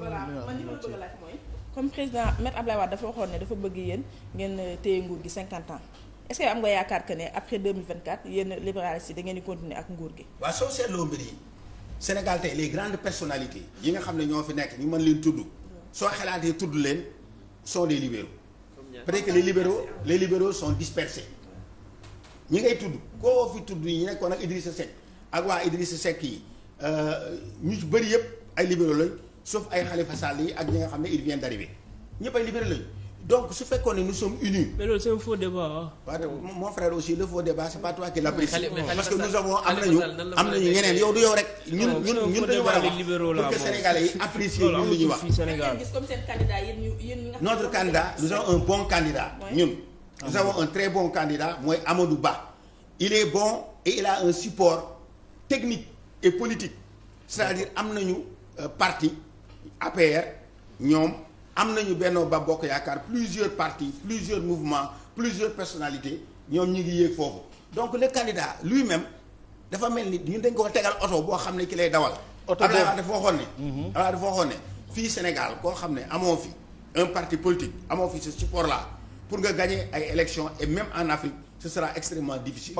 voilà man mooy comme président maître Ablaye Wade dafa waxoon ne dafa bëgg yéen ngeen euh, téye nguur gi 50 ans est-ce que am nga yaakaar que ne après 2024 yéen libéralistes yi da ngeen di continuer ak nguur gi. waaw soo seetloo mbir yi Sénégal tey les grandes yi nga xam ne ñoo fi nekk ñu mën leen tudd soo xalaatee tudd leen sont des libéraux. peut-être que les libéraux les libéraux sont dispersés ñi ngay tudd koo fi tudd yi ñu nekkoon ak Idrissa Seck ak waa Idrissa Seck yi euh, ñu ci bëri yëpp ay libéraux lañ. sauf ay Khalifa Sall yi ak ñi nga xam ne il vient d'arriver ñëpp ay libéraux lañu donc su fekkoon ne nous sommes unis. mais loolu c'est un faux débat ah. mon frère aussi le faux débat c'est pas parce que nous avons am nañu am nañu ñeneen yow du yow rek. ñun ñun ñun dañu war a wax pour que sénégalais yi apprécie ñun li ñuy wax. notre candidat nous avons un bon candidat ñun. nous avons un très bon candidat mooy Amadou Ba. il est bon et il a un support technique et politique euh, parti. APR ñoom am nañu Benno Ba Bokk Yaakaar plusieurs partis plusieurs mouvements plusieurs personnalités ñoom ñi ngi yéeg foofu donc le candidat luy même dafa mel ni ñun dañ ko tegal oto boo xam ne ki lay dawal. oto boobu Abdoulaye dafa waxoon ne. Mhm. Abdoulaye dafa waxoon ne fii Sénégal koo xam ne amoo fi un parti politique amoo fi ce support là pour nga gagner ay élections et même en Afrique ce sera extrêmement difficile.